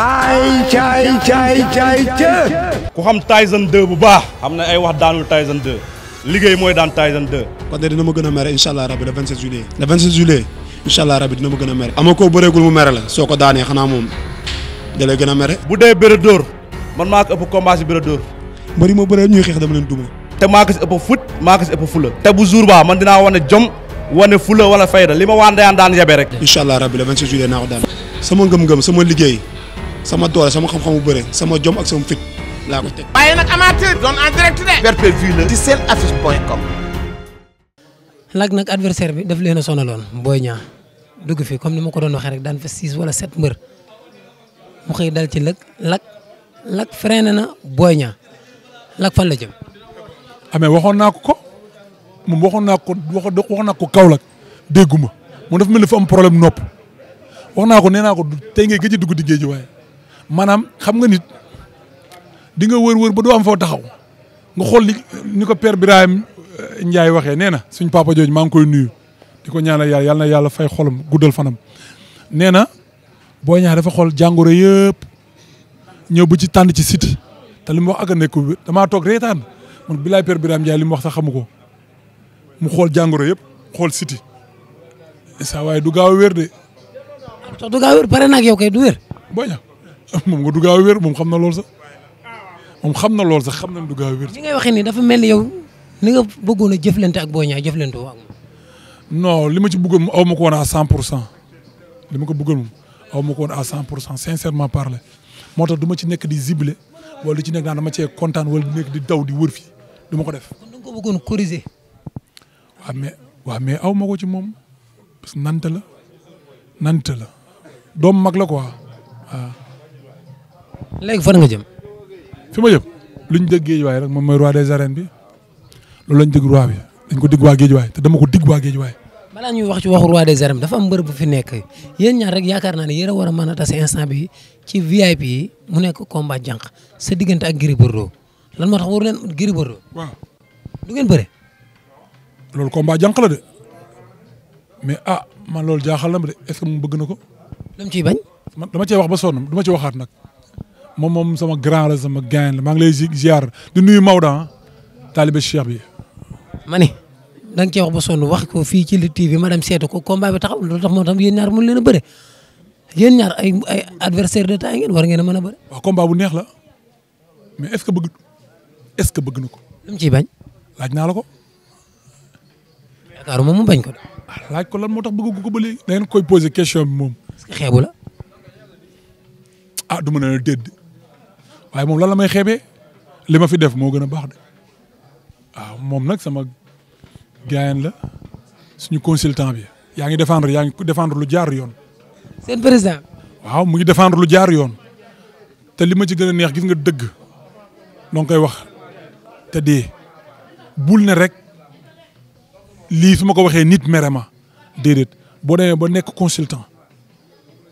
ay caay caay caay caay ku xam Tyson 2 bu baax xam na ay wax daanul Tyson 2 liggéey mooy daan Tyson 2 kon de dina ma gën a mere incha allah rabi le 27 juillet le 27 juillet incha allah rabi dina ma gën a mere ama koo bëreegul mu mere la soo ko daanee xanaa moom da lay gën a mere bu dee bëre dóor man maa ko ëpp combat si bëre dóor mbëri ma bëree xeex dama leen duma te maa ko si ëpp fut maa ko si ëpp fula te bu jour ba man dinaa wane jom wane fula wala fayda li ma waan dayaan daan yebe rek incha allah rabi le 27 juillet naa ko daan sama sama liggéey sama doole sama xam-xamu bëre sama jom ak sama fit laa ko teg. waaye nag amateur doon en direct de. pay seen affiche point com. Lac nag adversaire bi daf leen a sonaloon Boy Niang dugg fi comme ni ma ko doon waxee rek daan fa six wala sept mbër mu xëy dal ci Lac Lac Lac freiné na Boy Niang Lac fan la jëm. amee ah, waxoon naa ko ko moom waxoon naa ko waxoon naa ko Kaolack dégguma moom dafa mel ni dafa am problème nopp wax naa ko nee naa ko tey ngay gëj dugg di géej maanaam xam nga nit di nga wër-wër ba doo am foo taxaw nga xool ni ni ko père Birahim euh, njaay waxee nee na suñ papa jooju maa ngi koy nuyu di ko ñaanal yàlla yàlla na yàlla fay xolam guddal fanam nee na boo ñaax dafa xool jàngoro yëpp ñëw bu ci tànn ci siti te li mu wax ak a nekk damaa toog reetaan man bilaay père Birahim Ndiaye li mu wax sax xamu ko mu xool jàngoro yëpp xool siti saa waaye du gaaw a wér de. du gaaw a boo ñaax moom nga du a wér moom xam na lool sa moom xam na lool sax xam na du gaaw a wér. li nga waxee ni dafa mel ni yow ni nga bëggoon a jëflante ak Boy Niang jëflante woo non li ma ci bëggoon aw ma ko woon à 100 pour cent li ma ko bëggoon aw ma à 100 pour cent sincèrement parler moo tax du ma ci nekk di zible wala di ci nekk naan ma cee kontaan wala di nekk di daw di wër fii du ma ko def. kon ko bëggoon corriger. waaw mais waaw mais aw ma ko ci moom parce la nante la doom mag la quoi léegi fan nga jëm. fi ma jëm luñ dégg géejuwaay rek moom mooy roi des arènes bi loolu lañ dégg roi bi dañ ko digg waa géejuwaay te dama ko digg waa géejuwaay. balaa ñuy wax ci waxu roi des arènes dafa am mbër bu fi nekk yéen ñaar rek yaakaar naa ne yéen a war a mën a tase instant bi ci VIP yi mu nekk combat jànq sa diggante ak Gris Bordeaux lan moo tax waru leen Gris Bordeaux. waaw du ngeen bëre. loolu combat jànq la de mais ah man loolu jaaxal na ma de est-ce que mu bëgg na ko. lam ciy bañ. man dama cee wax ba sonn dama ci waxaat nag. moom moom sama grand la sama gain la maa ngi lay ziar di nuyu Maodo ah taalibe Cheikh bi. ma ne da nga cee wax ba sonn wax ko fii ci Lutte TV ma dem seetu ko combat bi taxaw loolu tax moo tax yéen ñaar leen a bëre yéen ñaar ay ay adversaire de taille ngeen war ngeen a mën a bëre. waaw combat bu neex la mais est-ce que bëgg est-ce que bëgg na ko. lu mu ciy bañ. laaj naa la ko. yaakaaruma mu bañ ko de. Ah, laaj ko la moo tax bëgg ko ba léegi. da ngeen koy poser question bi moom. est-ce que ah du ma nee déedéet waaye moom lan la may xeebee li ma fi def moo gën a baax de waaw moom nag sama gaayan la suñu consultant bi yaa ngi défendre yaa ngi défendre lu jaar yoon. seen président. waaw mu ngi défendre lu jaar yoon te li ma ci gën a neex gis nga dëgg noo koy wax te dee bul na rek lii su ma ko waxee nit mere ma déedéet boo demee ba nekk consultant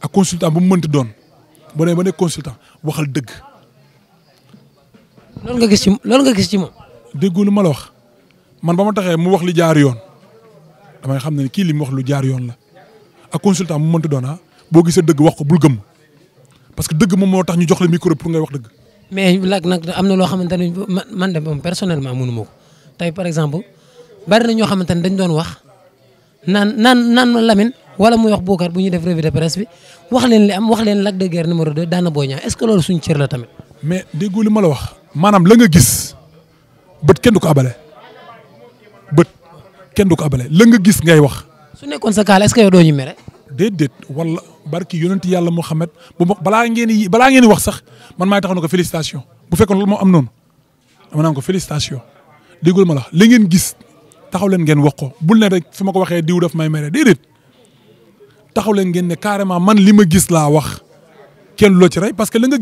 a consultant ba mu mënti doon boo ba nekk consultant waxal dëgg. loolu nga gis ci loolu nga gis ci moom. déggu lu ma la wax man ba ma taxee mu wax li jaar yoon damay xam ne kii li mu wax lu jaar yoon la ak consultant mu mënti doona ah, boo gisee dëgg wax ko bul gëm parce que dëgg moom moo tax ñu jox la micro pour ngay wax dëgg. mais la nag am na loo xamante ne man de moom personnellement mënu ma ko tey par exemple bari na ñoo xamante ne dañ doon wax naan naan naan Lamine wala muy wax Boucar bu ñu def revue de presse wax leen li am wax leen Lac de Guiers numéro 2 daan na Boy Niang est-ce que loolu suñu cër la tamit. mais déggu li ma la wax. maanaam la nga gis bët kenn du ko abale bët kenn du ko abale la nga gis ngay wax. su nekkoon sa kaala est-ce que yow doo ñu mere. déedéet wala barki yàlla Muhammad bu ma balaa ngeen di balaa ngeen wax sax man maay taxaw na ko félicitation bu fekkoon loolu moo am noonu dama naan ko félicitation déggul ma la li gis taxaw leen ngeen wax ko bul ne rek fi ma ko waxee diw daf may mere déedéet taxaw leen ngeen ne carrément man li ma gis laa wax. kenn loo ci rey parce que la nga a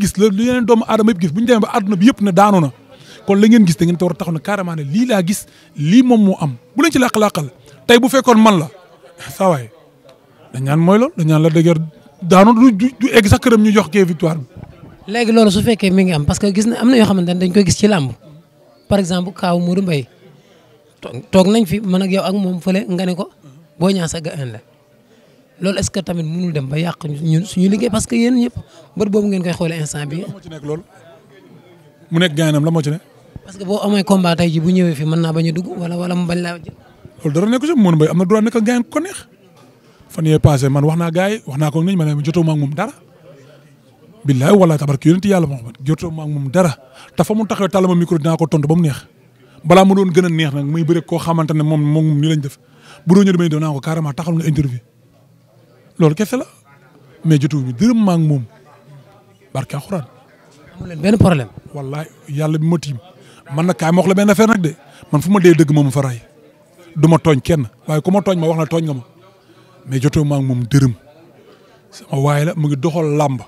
taxaw ne carrément ne lii lii moom moo am bu leen ci làq tey bu fekkoon man la saa waay dañ ñaan mooy loolu dañ ñaan la dëgër daanu du du egg sax ñu jox kee victoire bi. léegi loolu su fekkee mi ngi am parce que gis na am na yoo xamante ne dañ koy gis ci làmb par exemple Kaaw Modou Mbaye toog nañ fi man ak yow ak moom fële nga ne ko boo ñaa sa ga la loolu est-ce que tamit mënul dem ba yàq ñun suñu liggéey parce que yéen ñëpp bët boobu ngeen koy xoolee instant bi moo ci nekk loolu mu nekk gaynam la moo ci nekk parce que boo amee combat tey ji bu ñëwee fi mën mu bañ laa loolu dara nekku ci moon na droit nekk gaynam ko neex fan yee passé man wax naa gars yi wax naa ko nañ ma ne jotoo ma ak moom dara billaay wala jotoo ma ak moom dara te fa mu taxawee tàll ma micro dinaa ko tontu ba mu neex balaa mu doon gën a neex nag muy bëri koo xamante ne moom moom nii lañ def bu doon ñëw damay doon naa ko carrément taxal nga interview loolu kese la mais jotuwuñu dërëm maa ngi moom barke alxuraan. amu leen benn problème. wallaay yàlla bi ma tiim man nag kaay ma wax la benn affaire nag de man fu ma dee dëgg moomu fa ray du ma tooñ kenn waaye ku ma tooñ ma wax na tooñ nga ma mais joto maa ngi moom dërëm sama waaye la mu ngi doxal làmb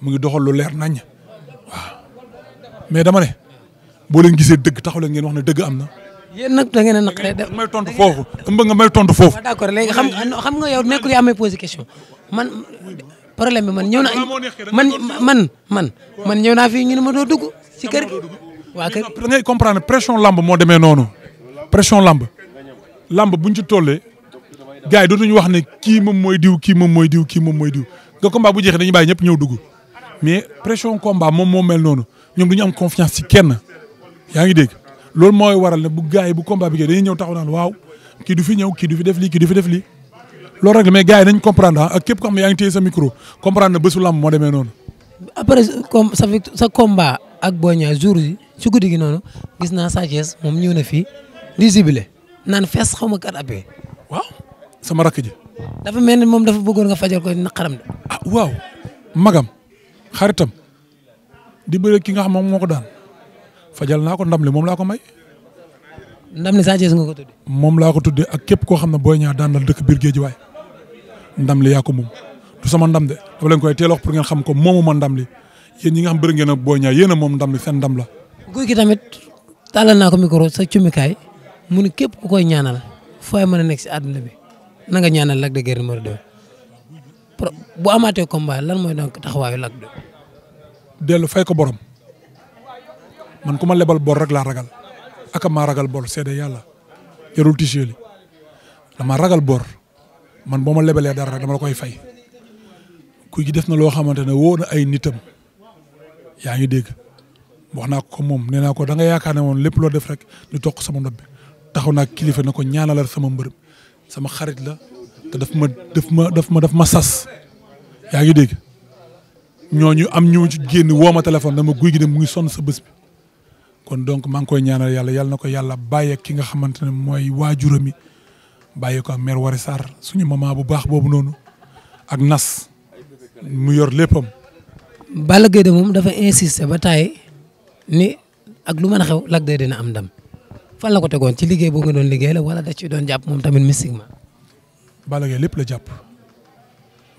mu ngi doxal lu leer naññ waaw mais dama ne boo leen gisee dëgg taxaw ngeen wax ne dëgg am na. yéen nag a naqaree da may tontu foofu ëmb nga may tontu foofu. Ah, d' accord léegi xam ah, xam nga yow nekkul yaa may posé question man problème bi man ñëw naa man man man man ñëw naa fii ñu ne ma dugg ci kër waa kër da ngay comprendre pression lamb moo demee noonu pression lamb lamb buñ ci tollee gars yi dootuñu wax ne kii moom mooy diw kii moom mooy diw kii moom mooy diw nga combat bu jeexee dañuy bàyyi ñëpp ñëw dugg mais pression combat moom moo mel noonu ñoom du ñu am confiance ci kenn yaa ngi dégg. loolu mooy waral ne bu gars yi bu combat bi dañuy ñëw taxaw naan waaw kii du fi ñëw kii du fi def lii kii du fi def lii loolu rek la mais gars yi nañ comprendre ah ak képp ko xam ne sa micro comprendre na bésu moo demee noonu. après comme sa sa combat ak Boy Niang jour yi ci guddi gi noonu gis naa Sa moom ñëw na fii di zibilé naan fees xaw ma kat appee. waaw sama rakk ji. dafa mel ni moom dafa bëggoon nga fajal koy naqaram de. a ah, waaw magam xaritam di bëre ki nga xam moom moo ko daan. fajal naa ko ndam li moom laa ko may. ndam li Sa Thiès nga ko tuddee. moom laa ko tuddee ak képp koo xam ne Boy Niang daan na dëkk biir géej waay ndam li yaa ko moom du sama ndam de dafa leen koy teel wax pour ngeen xam ko moom ma ndam li yéen ñi nga xam bëri ngeen ak Boy Niang yéen a moom ndam li seen ndam la. guy gi tamit tàllal naa ko micro sa cumikaay mu ne képp ku koy ñaanal fooy mën a nekk si àdduna bi na nga ñaanal Lac de Guiers numéro bu amaatee combat lan mooy donc taxawaayu Lac dellu fay ko borom man ko ma lebal bor rek laa ragal ak maa ragal bor seede yàlla yorul tissu li dama ragal bor man boo ma lebalee dara rek dama la koy fay kuy gi def na loo xamante ne woo na ay nitam yaa ngi dégg. wax naa ko moom nee naa ko danga nga yaakaar ne woon lépp loo def rek ñu toog sama ndob bi taxaw naa kilifa ne ko ñaanalal sama mbërëm sama xarit la te daf ma daf ma daf ma daf ma sas yaa ngi dégg ñooñu am ñu ci génn woo ma téléphone dama guy gi dem mu ngi sonn sa bés bi kon donc maa ngi koy ñaanal yàlla yàlla na ko yàlla bàyyeek ki nga xamante ne mooy waajurami bàyyi ko ak mère Wari Sarr suñu maman bu baax boobu noonu ak nas mu yor léppam. Balla Gaye de moom dafa insister ba taay ni ak lu mën a xew Lac de dina am ndam fan la ko tegoon ci liggéey boo nga doon liggéey la wala da ci doon jàpp moom tamit mystiquement. bala Gaye lépp la jàpp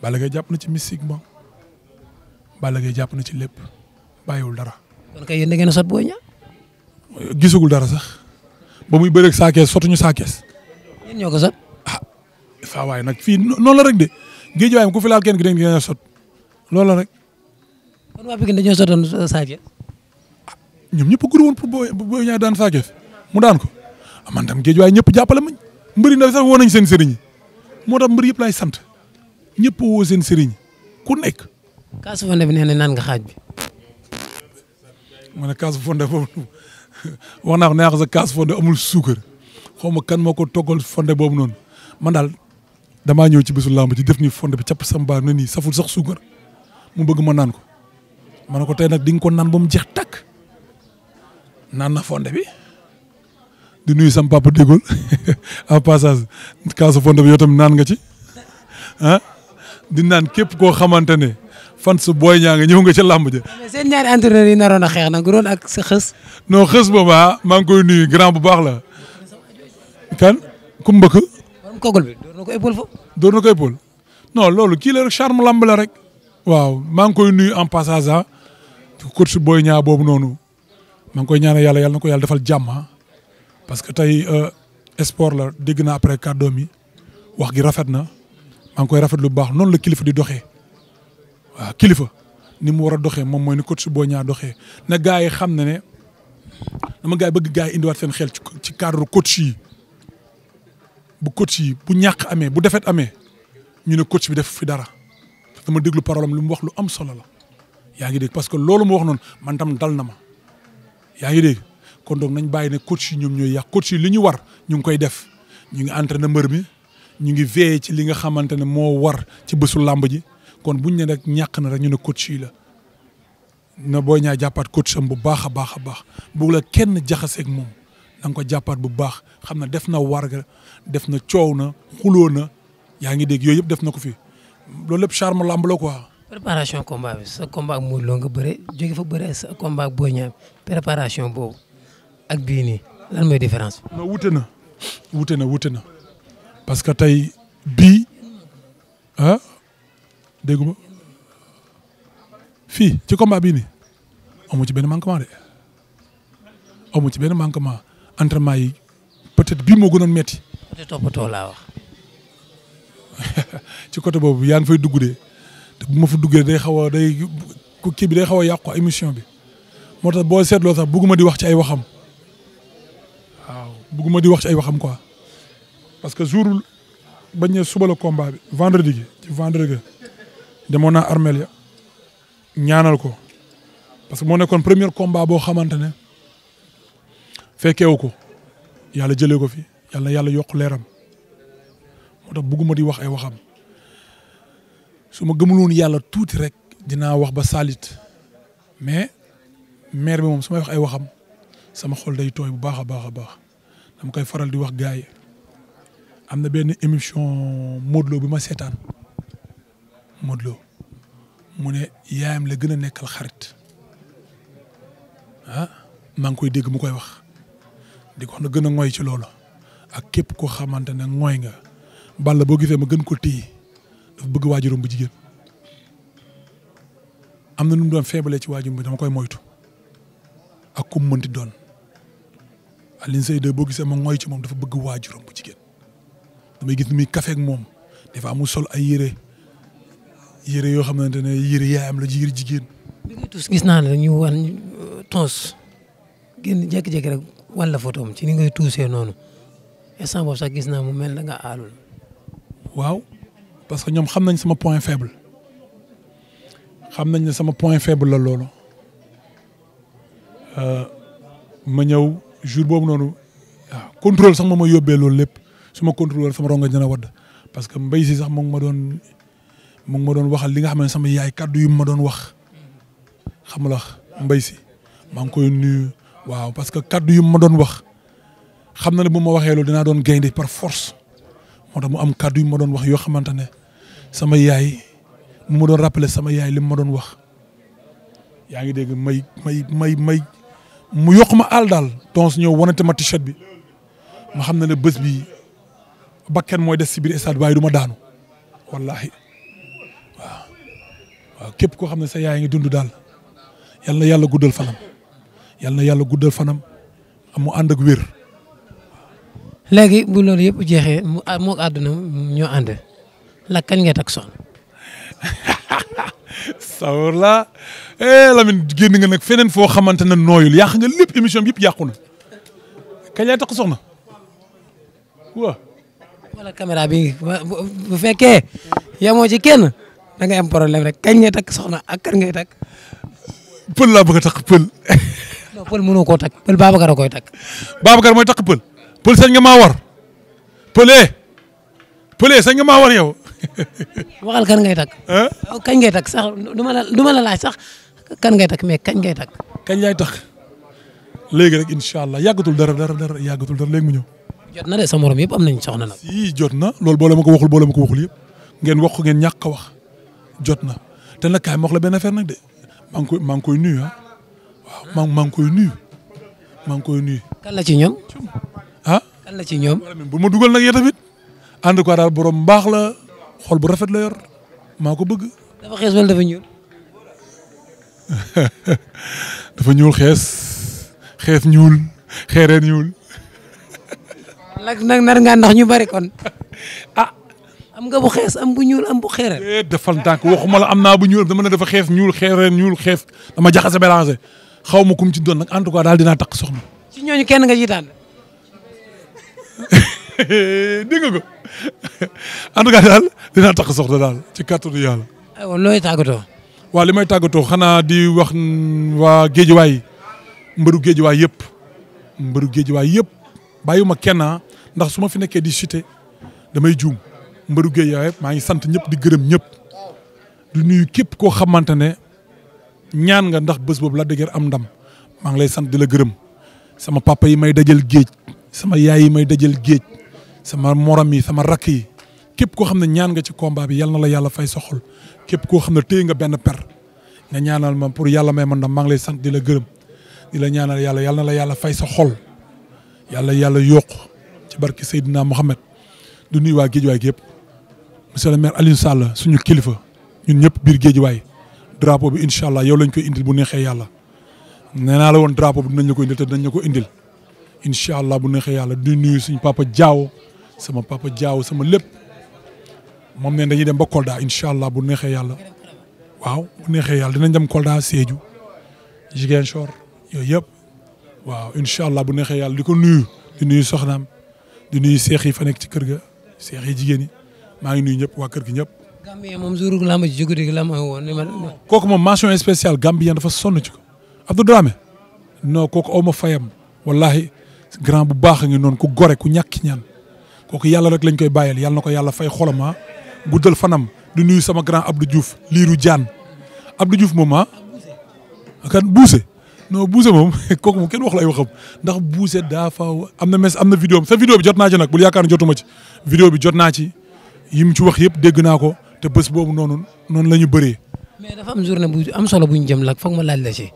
Balla Gaye jàpp na ci mystiquement Balla Gaye jàpp na ci lépp bàyyiwul dara. kon kay yéen da ngeen gisagul dara sax ba muy bëreeg saa kees sotuñu saa ñoo ko sot. ah saa waay nag fii noonu la rek de géej waay ku fi laal kenn gi dinañ sot loolu la rek. kon waa Pikine dañoo euh, saa kees. ah ñoom ñëpp a gërëm woon pour boo daan saa mu daan ko ah man tam géej waay ñëpp jàppale mañ mbëri ndaw sax woo nañ seen sëriñ moo tax mbëri yëpp laay sant ñëpp woo seen sëriñ ku nekk. kaasu fonde bi nee na naan nga xaaj bi. ma ne fonde boobu. wax naa ko neex sa kaas fonde amul suukar xaw ma kan moo ko toggal fonde boobu noonu man daal damaa ñëw ci bisu làmb ci def ni fonde bi capp samba ne nii saful sax suukar mu bëgg ma naan ko ma ne ko tey nag dinga nga ko naan ba mu jeex tàkk naan na fonde bi di nuyu sam papa déggul en passage kaasu fonde bi yow naan nga ci ah? di naan képp koo xamante ne. fan su booy ñaa nga ñëw nga ca làmb ja. mais seen ñaari entraîneur yi naroon a xeex nag ron ak sa xës. non xës booba ah, maa ngi koy nuyu grand bu baax la. kan ku mu mbëkk. borom kogol bi door na ko épaule foofu. loolu kii la rek charme làmb la rek. waaw maa ngi koy nuyu en passage ah. coach booy ñaa boobu noonu. maa ngi koy ñaanal yàlla yàlla na ko yàlla defal jàmm ah. parce que tey euh, sport la dégg naa après kàddoom yi wax gi rafet na maa ngi koy rafet lu baax noonu la kilifa di doxee. waaw kilifa ni mu war a doxee moom mooy ni si boo Niang doxee na gars yi xam na ne dama gars yi bëgg gars yi indiwaat seen xel ci cadre coach yi bu coach si bu ñàkk amee bu defet amee ñu ne coach bi def fi dara parce que déglu parole lu mu wax lu am solo la yaa ngi dégg parce que loolu mu wax noonu man tam dal na ma yaa ngi dégg kon donc nañ bàyyi ne coach si ñoom ñooy yàq coach yi li ñu war ñu ngi koy def ñu ngi na mbër mi ñu ngi veillé ci li nga xamante ne moo war ci bésu làmb ji kon buñ ne rek ñàkk na rek ñu ne coach yi la na booy ñaa jàppaat coach sam bu baax a baax a baax bu la kenn jaxaseeg moom da ko jàppaat bu baax xam na def na warga def na coow na xuloo na yaa ngi dégg yooyu yëpp def na ko fi loolu lépp charme lamb la ko préparation combat bi sa combat ak Lo nga bëre jóge fa bëre sa combat ak Boy Niang préparation boobu ak bii nii lan mooy différence na wute na parce que tey bii ah, dégg ma fii ci combat bii ni amu ci benn manquement de amu ci benn manquement entraînement yi peut-être bii moo gënoon metti. côté toppatoo laa wax. ci côté boobu yaa ngi fay dugg de te bu ma fa duggee day xaw a day kii bi day xaw a yàqu émission bi moo tax boo seetloo sax bëgguma di wax ci ay waxam waaw ma di wax ci ay waxam ko parce que jour bañ ne suba la combat bi vendredi gi ci vendredi demoon naa armel ya ñaanal ko parce que moo nekkoon premier combat boo xamante ne fekkeewu ko yàlla jëlee ko fi yàlla yàlla yokk leeram moo tax bugguma di wax ay waxam su ma gëmuloon yàlla tuuti rek dinaa wax ba saalit mais maire bi moom su may wax ay waxam sama xol day tooy bu baax a baax a baax dama koy faral di wax gars am na benn émission Modou bi ma seetaan. Modou Lo mu ne yaayam la gën a nekkal xarit ah maa ngi koy dégg mu koy wax di ko na gën a ngoy ci loolu ak képp koo xamante ne ngoy nga Balla boo gisee ma gën ko téye dafa bëgg waajuram bu jigéen am na nu doon feebalee ci waajuram bi dama koy moytu ak ku mu mënti doon Alioune boo gisee ma ngoy ci moom dafa bëgg waajuram bu jigéen damay gis ni muy kafeeg moom des fois mu sol ay yére yére yoo xamante ne yére yaayam la yére jigéen. bi ngay tuus gis naa ne dañuy wan euh, tons génn jékki-jékki rek wan la photo ci ni ngay tuusee noonu instant boobu sax gis naa mu mel na nga aalul. waaw parce que ñoom xam nañ sama point faible xam nañ ne sama point faible la euh, ma ñëw jour boobu noonu waaw contrôle ma ma yóbbee loolu lépp su ma contrôle sama ronga dina wadd parce que mbay si sax ma doon. mu ngi ma doon waxal li nga xam ne sama yaay kàddu yu ma doon wax xam nga mbay si maa ngi waaw parce que kàddu yu ma doon wax xam na ne bu ma waxee loolu dinaa doon gaynde par force moo tax mu am kàddu yu ma doon wax yoo xamante ne sama yaay mu ma doon rappeler sama yaay li ma doon wax yaa ngi dégg may may may may mu yokk ma àll daal tons ñëw wanate ma t-shirt bi ma xam na ne bés bi ba kenn mooy des si biir stade waaye du ma daanu wallaahi waaw képp koo xam ne sa yaay ngi dund daal yal na yàlla guddal fanam yal na yàlla guddal fanam amu ànd ak wér. léegi bu loolu yëpp jeexee mu ah, moog àdduna ñoo ànd la kañ nga takk soxna. sawar la eh nga nag feneen foo xamante ne nooyul yàq nga lépp bi yëpp yàqu na kañ lay takk soxna waaw. wala caméra bi bu fekkee yemoo ci da ngay am problème rek kañ ngay takk soxna ak kan ngay takk. pël laa bëgg a takk pël. non pël mënoo koo takk pël Babacar a koy takk. Babacar mooy takk pël. pël sañ nga maa war. pëlee. Eh. pëlee eh, sañ nga maa war yow. waxal kan ngay takk. Oh, kañ ngay tak sax du ma la du ma la laaj sax kan ngay tak mais kañ gay tak kañ lay takk léegi rek incha allah yàggatul dara dara dara yàggatul dara léegi mu ñëw. jot na de sa morom yëpp am nañ soxna nag. yii jot na loolu boole ma ko waxul boole ma ko waxul yëpp ngeen wax ngeen ñàkk wax. jot na te nag kaay ma la benn affaire nag de maa ngi koy maa ngi koy nuyu ah waaw maa ngi koy nuyu maa koy nuyu. ci ñoom. ah ci ñoom. bu ma dugal nag yow tamit ànd ko daal borom baax la xol bu rafet la yor maa ko bëgg. dafa xees wala dafa ñuul. dafa ñuul xees xees ñuul xeereen ñuul. nag nar ngaa ndax ñu bari kon ah. am nga bu xees am bu ñuul am bu xeereel. Eh, defal ndànk waxuma la am naa bu ñuul dama ne dafa xees ñuul xeereel ñuul xees dama jaxase mélangé xaw ma ku mu ci doon nag en tout cas daal dinaa takk soxna. ci kenn nga jiitaan. dégg nga ko en tout cas daal dinaa takk soxna daal ci kàttanu yàlla. aywa looy tàggatoo. waaw li may tàggatoo xanaa di wax waa géejuwaay mbëru géejuwaay yëpp mbëru géejuwaay yëpp bàyyiwuma kenn ah, ndax su ma fi nekkee di cité damay juum. mbëru Guédiawaye maa ngi sant ñëpp di gërëm ñëpp di nuyu képp koo xamante ne ñaan nga ndax bés boobu la dëgër am ndam maa ngi lay sant di la gërëm sama papa yi may dajal géej sama yaay yi may dajal géej sama morom yi sama rakk yi képp koo xam ne ñaan nga ci combat bi yal na la yàlla fay soxol képp koo xam ne téye nga benn per nga ñaanal ma pour yàlla may ma ndam maa lay sant di la gërëm di la ñaanal yàlla yàlla na la yàlla fay sa xol yàlla yàlla yokk ci barki Seydina Mohamed du nuyu waa géej waay yëpp monsieur le maire Alioune Sall suñu kilifa ñun ñëpp biir géejuwaay drapo bi incha allah yow lañ koy indil bu neexee yàlla nee naa la woon drapeau bi dinañ la ko indil te dinañ la ko indil incha allah bu neexee yàlla di nuyu suñu papa Diaw sama papa Diaw sama lépp moom ne dañuy dem ba Kolda incha allah bu neexee yàlla waaw bu neexee yàlla dinañ dem Kolda Sédhiou Ziguinchor yooyu yëpp waaw incha allah bu neexee yàlla di ko nuyu di nuyu di nuyu seex yi fa nekk ci kër ga seex jigéen yi maa ngi nuyu ñëpp waa kër gi ñëpp. Gambien moom jour bi làmb ji jóge ah. kooku moom mention spéciale Gambien dafa sonn ci ko Abdou Dramé non kooku aw ma fayam wallahi grand bu baax a ngi noonu ku gore ku ñàkk ñaan kooku yàlla rek lañ koy bàyyil yàlla na ko yàlla fay xolama ah. guddal fanam di nuyu sama grand Abdou Diouf liiru jaan Abdou Diouf moom ah. kan buuse non buuse moom kooku moom kenn wax la ay waxam ndax buuse daa fa am na mes am na vidéo am sa bi jot naa ci nag bul yaakaar ne jotuma ci vidéo bi jot naa ci. yim ci wax yëpp dégg naa ko te bés boobu noonu noonu la ñu bëree. mais dafa am journée bu am solo bu ñu jëm nag foog ma laaj la ci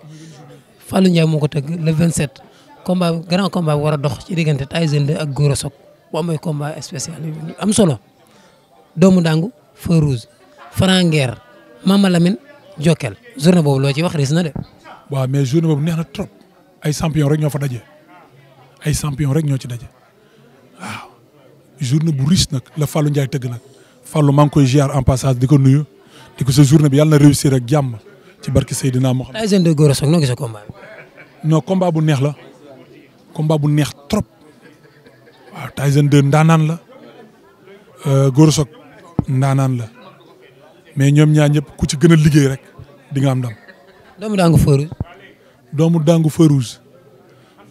Fallou Ndiaye moo ko tëgg le 27 combat grand combat bu war dox ci diggante Tyson 2 ak Gora Sock bu amee combat spécial am solo doomu dangu feu rouge Franguer Mama Lamine Jokkel journée boobu loo ci wax ris na de. waaw mais journée boobu neex na trop ay champion rek ñoo fa daje ay champion rek ñoo ci daje. journée bu riche nag la Fallou Ndiaye tëgg nag Fallou maa ngi koy ziar en passage di ko nuyu di ko sa journée bi yàlla na réussir ak jàmm ci barke Seydina Mohamed. ay jeunes de Gora Sock noo gisee combat bi. non bu neex la combat bu neex trop waaw Tyson 2 ndaanaan la euh, Gora Sock ndaanaan la mais ñoom ñaar ñëpp ku ci gën a liggéey rek di nga am ndam. doomu daangu feu rouge. doomu daangu feu rouge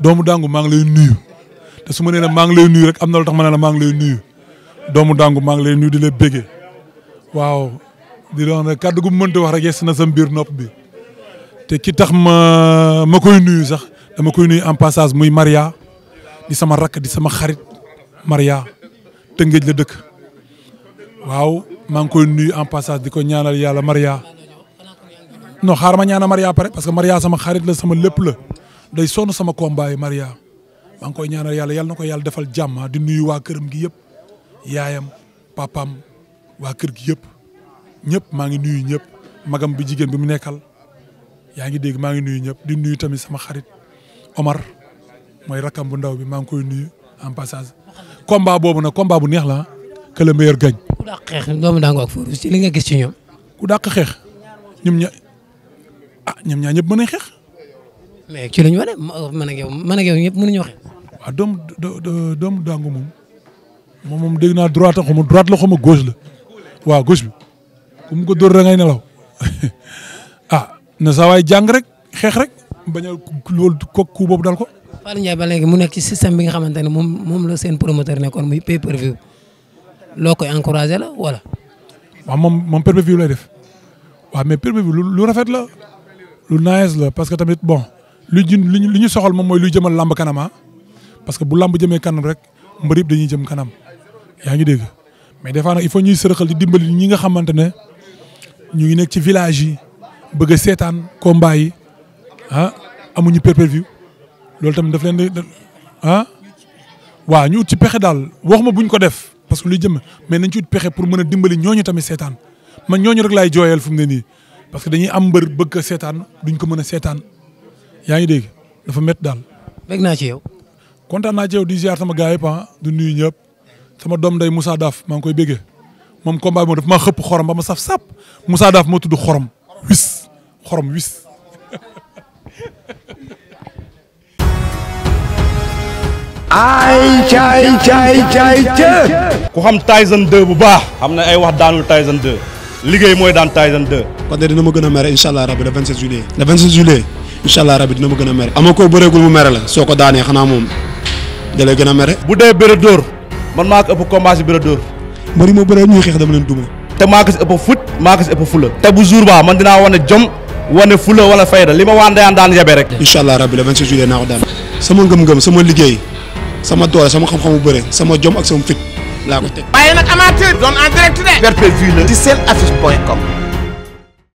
doomu maa ngi lay nuyu. te su ma nee la maa ngi lay nuyu rek am na lu tax ma la maa ngi lay nuyu doomu dangu maa ngi lay nuyu di la bége waaw di doon rek kàddu gu mu mënti wax rek yes na sa biir nopp bi te ki tax ma ma koy nuyu sax dama koy nuyu en passage muy Maria di sama rakk di sama xarit Maria Tëngéej la dëkk waaw maa koy nuyu en passage di ko ñaanal yàlla Maria non xaar ma ñaanal Maria pare parce que Maria sama xarit la sama lépp la day sonn sama combat yi Maria. maa ngi koy ñaanal yàlla yàlla na ko yàlla defal jàmm ah, di nuyu waa këram gi yëpp yaayam papaam waa kër gi yëpp ñëpp maa ngi nuyu ñëpp magam bi jigéen bi mu nekkal yaa ngi dégg maa ngi nuyu ñëpp di nuyu tamit sama xarit Omar mooy rakkam bu ndaw bi maa ngi koy nuyu en passage. combat boobu nag combat bu neex la ah, que le meilleur gagne. ku dàq xeex doomu daango ak Feu ci li nga gis ci ñoom. ku dàq xeex ñoom ña ah ñoom ñaa ñëpp mën nañ xeex. mais ci la ñu wane man ak yow man ak yow ñëpp mënuñoo xeex. ah doomu doomu Dangu moom moom moom dégg naa droite xaw ma droite la xaw ma gauche la waaw gauche bi ku mu ko dóor da ngay nelaw ah na saa waay jàng rek xeex rek bañ a loolu kooku boobu dal ko. Fallou Ndiaye ba léegi mu nekk ci système bi nga xamante ne moom moom la seen promoteur nekkoon mu pay per view loo ko encouragé la wala. waaw moom moom pay per view lay def waaw mais pay per view lu rafet la lu nice la parce que tamit bon lu ñu lu ñu soxal moom mooy luy jëmal làmb kanama ah. parce que bu lam bu jëmee kanam rek mbër yëpp dañuy jëm kanam yaa ngi dégg mais des fois nag il faut ñuy sërëxal di dimbali ñi nga xamante ne ñu ngi nekk ci village yi bëgg a seetaan combat yi ah amuñu pay loolu tamit daf leen di ah, waaw ñu ut ci pexe daal wax ma buñ ko def parce que luy jëm mais nañ ci ut pexe pour mën a dimbali ñooñu tamit seetaan ma ñooñu rek laay jooyal fu mu ne nii parce que dañuy am mbër bëgg a seetaan duñ ko mën a seetaan yaa ngi dégg dafa métti daal. bég naa ci yow. kontaan naa ci yow di ziar sama gars yëpp ah du nuyu ñëpp sama doom day musa Daaf maa ngi koy béggee moom combat moom dafa maa xëpp xorom ba ma saf sap Moussa Daaf moo tudd xorom wis xorom wis. ay caay caay caay caay. ku xam Tyson 2 bu baax. xam na ay wax daanul Tyson 2. liggéey mooy daan Tyson 2. kon de dina ma gën a mere incha allah rabi le 27 juillet. le 27 juillet incha allah rabi dina ma gën a mere. ama koo bëreegul mu mere la soo ko daanee xanaa moom. da lay gën a mere. bu dee bëre dóor man maa ko ëpp combat si bëre dóor. mbëri moo bëree ñuy xeex dama leen duma. te maa ko si ëpp fut maa ko si ëpp fula. te bu jour ba man dinaa wane jom wane fula wala fayda li ma waan daan daan yebe rek. incha allah rabbi le 26 juillet naa ko daan. sama ngëm-ngëm sama liggéey sama doole sama xam-xamu bëre sama jom ak sama fit laa ko teg. waaye nag amateur. zone en direct de. perpétue la ci seen affiche point